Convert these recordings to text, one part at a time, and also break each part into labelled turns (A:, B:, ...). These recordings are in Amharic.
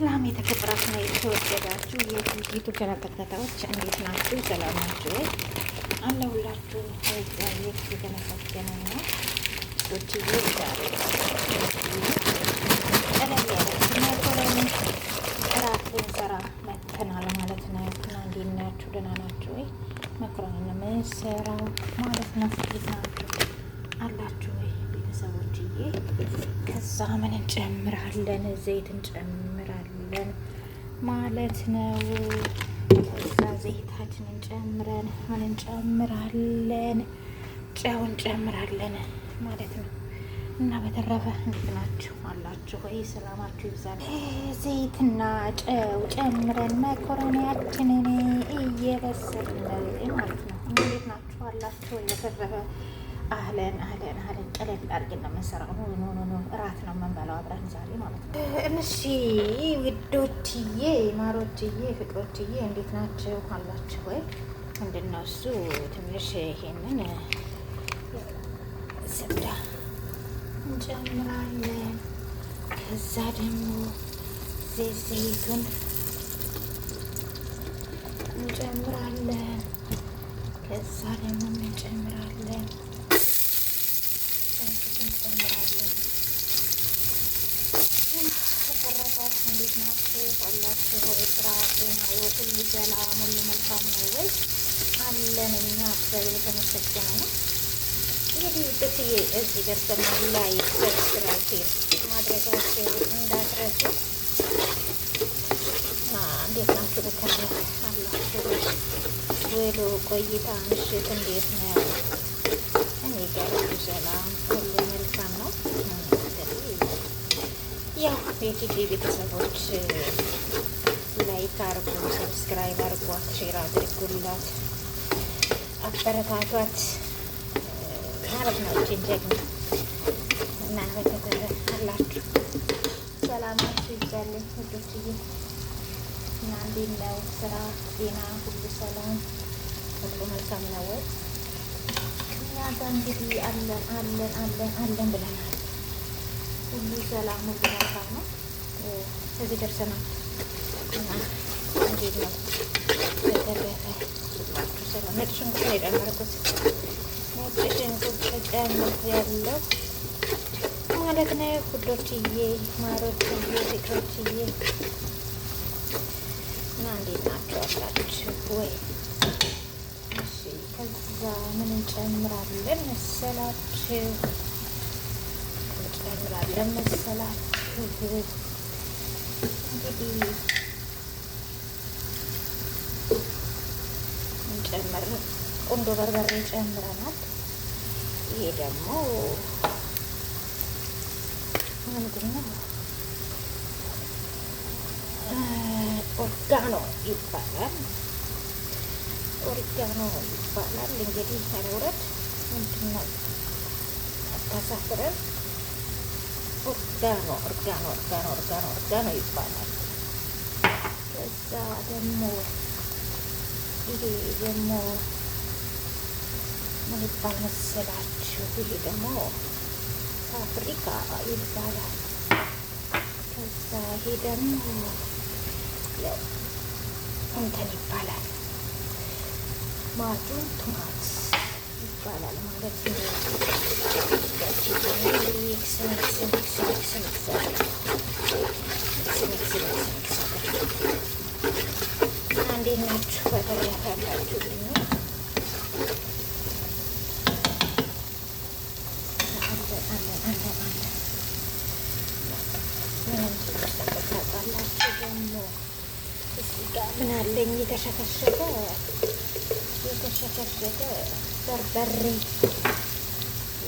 A: ሰላም የተከበራችሁ ነው የተወደዳችሁ የዩቱብ ቻናል ተከታታዮች እንዴት ናችሁ? ሰላም ናችሁ ወይ? አለሁላችሁ። እግዚአብሔር የተመሰገነ ነው። ሶች ዛሬ ቀለል ያለ ማይክሮዌቭ እራት ልንሰራ መጥተናል ማለት ነው። እና እንዴት ናችሁ? ደህና ናችሁ ወይ? ነው የምንሰራው ማለት ነው። እንዴት ናችሁ አላችሁ ወይ? ቤተሰቦችዬ። ከዛ ምን እንጨምራለን? ዘይት እንጨምራለን ማለት ነው። ከዛ ዘይታችን እንጨምረን ምን እንጨምራለን? ጨው እንጨምራለን ማለት ነው። እና በተረፈ እንዴት ናችሁ? አላችሁ ወይ? ሰላማችሁ ይብዛል። ዘይትና ጨው ጨምረን መኮረኒያችንን እየበሰልን ማለት ነው። እንዴት ናችሁ? አላችሁ ወይ? በተረፈ አህለን አህለን አህለን ቀለል አድርገን ነው የምንሰራው። ኖ ኖ ኖ እራት ነው የምንበላው አብረን ዛሬ ማለት ነው። እሺ ውዶችዬ፣ ማሮችዬ፣ ፍቅሮችዬ እንዴት ናችሁ? ካላችሁ ወይ? እንድነሱ ትንሽ ይሄንን ሰብዳ እንጨምራለን። ከዛ ደግሞ ዘይቱን እንጨምራለን። ከዛ ደግሞ እንጨምራለን ሁሉ ሰላም፣ ሁሉ መልካም ነው ወይ? አለን እኛ እግዚአብሔር የተመሰገነ ነው። እንግዲህ ብትዬ እዚህ ደርሰናል። ላይክ ሰብስክራይብ ማድረጋችሁ እንዳትረሱ። እንዴት ናችሁ? በተለ አላችሁ ውሎ ቆይታ ምሽት እንዴት ነው? እኔ ጋር ሁሉ ሰላም፣ ሁሉ መልካም ነው። ያው የቲቪ ቤተሰቦች አድርጉ፣ ሰብስክራይብ አድርጓት፣ ሼር አድርጉላት፣ አበረታቷት ማለት ነው። እችን ጀግና እና በተተለ አላችሁ ሰላማችሁ ይብዛልኝ ሁሎችዬ እና እንዴት ነው ስራ፣ ዜና፣ ሁሉ ሰላም፣ ሁሉ መልካም ነው ወይ? እኛ ጋር እንግዲህ አለን አለን አለን አለን ብለናል። ሁሉ ሰላም፣ ሁሉ መልካም ነው። እዚህ ደርሰናል። እንዴት ነው በተረፈ ነጭ ሽንኩርት የጨመርኩት ነጭ ሽንኩርት ተጨምር ያለው ማለት ነው። ውዶችዬ ማሮችዬ ፍቅሮችዬ እና እንዴት ናቸው አላችሁ ወይ? እሺ ከዛ ምን እንጨምራለን መሰላችሁ? እንጨምራለን መሰላችሁ እንግዲህ ጨምር ቁንዶ በርበሬ ጨምረናል። ይሄ ደግሞ ምንድን ነው? ኦርጋኖ ይባላል። ኦርጋኖ ይባላል። እንግዲህ ያለውረት ምንድን አታሳፍረን። ኦርጋኖ ኦርጋኖ ኦርጋኖ ኦርጋኖ ኦርጋኖ ይባላል። ከዛ ደግሞ ይሄ ደግሞ ምን ይባል መሰላችሁ? ይሄ ደግሞ ፋብሪካ ይባላል። ከዛ ይሄ ደግሞ እንትን ይባላል። ማጁን ቱማት ይባላል ማለት ነው። እንዴት ናችሁ? በተረፈ ያላችሁ ምንም ደግሞ እዚህ ጋር ምን አለኝ የተሸከሸከ የተሸከሸከ በርበሬ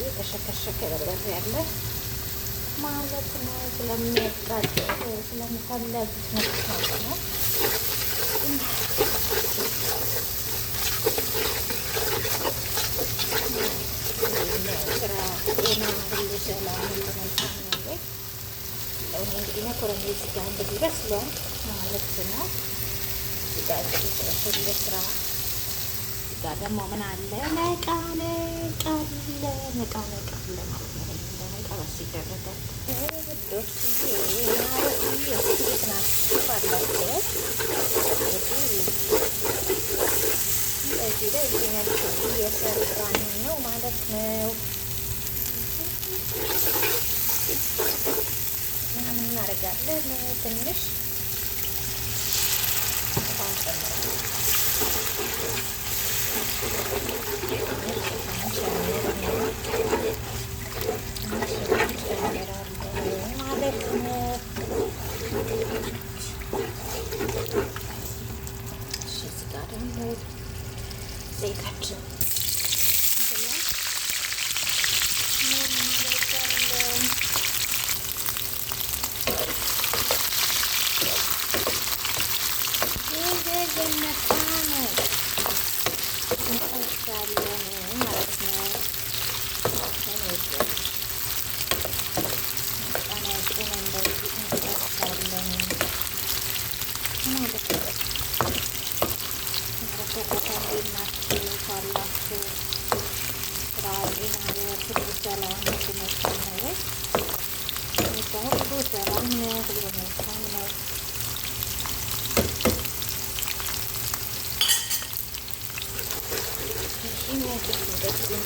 A: የተሸከሸከ በርበሬ አለ ማለት ነው። ስለሚያቃጥል ስለሚፈለጉት ነው። መኮረኒ ስጋ እንደዚህ በስሏል ማለት ነው። ስጋ እንግዲህ ስለሰል ስጋ ደግሞ ምን አለ ነቃነቃ አለ ነቃነቃ አለ ማለት ነው። ነቃ በስ ይደረጋል። ነው ማለት ነው። olacaklar. Niyetlenmiş. She's got a mood. They got you.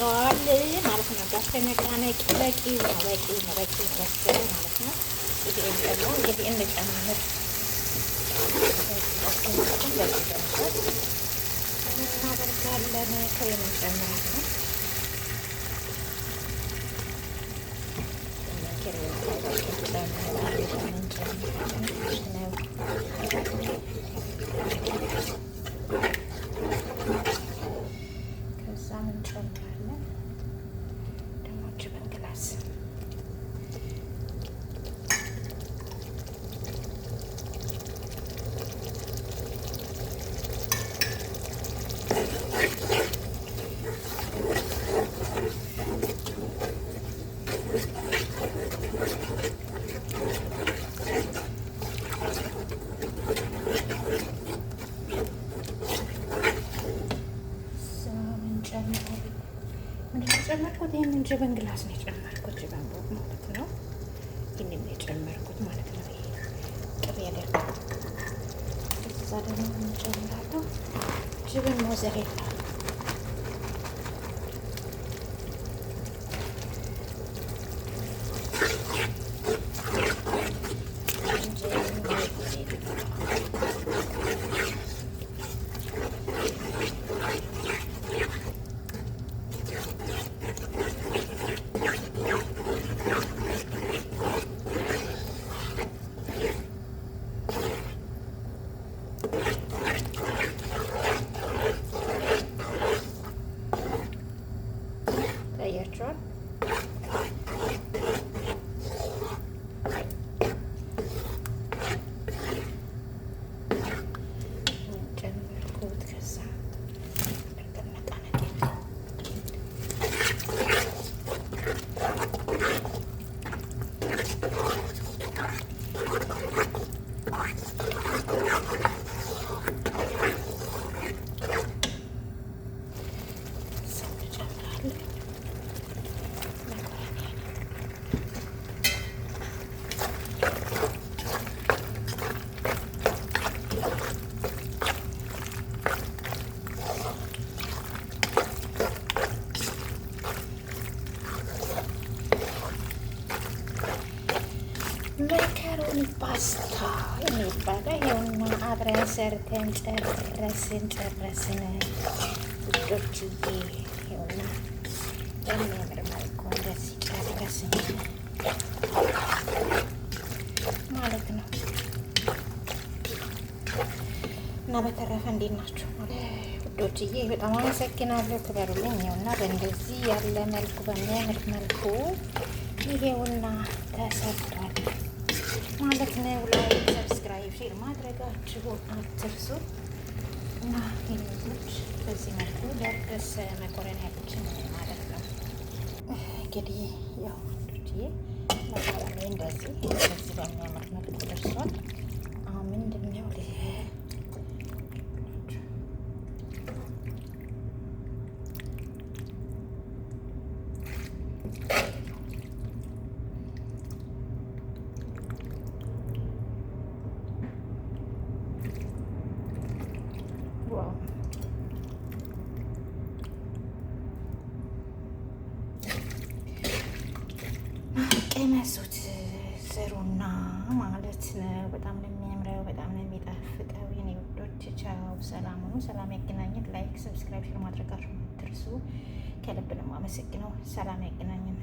A: ይበቃዋል ማለት ነው። በስተነገና ነው በቂ ነው በቂ ነው በቂ በስተነ ማለት ነው። ይሄን ደግሞ እንግዲህ እንጨምር እናደርጋለን። ክሬም እንጨምራለን የጨመርኩት ይህንን ጅብን ግላስ ነው የጨመርኩት። ጅብን ቦት ማለት ነው። ይህንን የጨመርኩት ማለት ነው። ይሄ ቅቤ ያደርጋል። እዛ ደግሞ እንጨምራለሁ ጅብን ሞዘሬላ አብረን ሰርተን ጨረስን ጨረስን ውዶችዬ ይኸውና የሚያምር መልኩ እንደዚህ ጨረስን ማለት ነው እና በተረፈ እንዴት ናችሁ ውዶችዬ በጣም አመሰግናለሁ ክበሩልኝ ይኸውና በእንደዚህ ያለ መልኩ በሚያምር መልኩ ይሄውና ተሰርቷል ማለት ነው ላይ ሰብስክራይብ፣ ሼር ማድረጋችሁን አትርሱ እና ይዞች በዚህ መልኩ ለርገስ መኮረኒያችን ማለት ነው እንግዲህ ያው ዱችዬ መኮረኒ እንደዚህ ያነሱት ስሩና ማለት ነው። በጣም ነው የሚያምረው፣ በጣም ነው የሚጣፍጠው። የኔ ውዶች ቻው፣ ሰላም ሁኑ። ሰላም ያገናኘን። ላይክ፣ ሰብስክራይብ ሼር ማድረጋችሁ አትርሱ። ከልብ ነው የማመሰግነው። ሰላም ያገናኘን።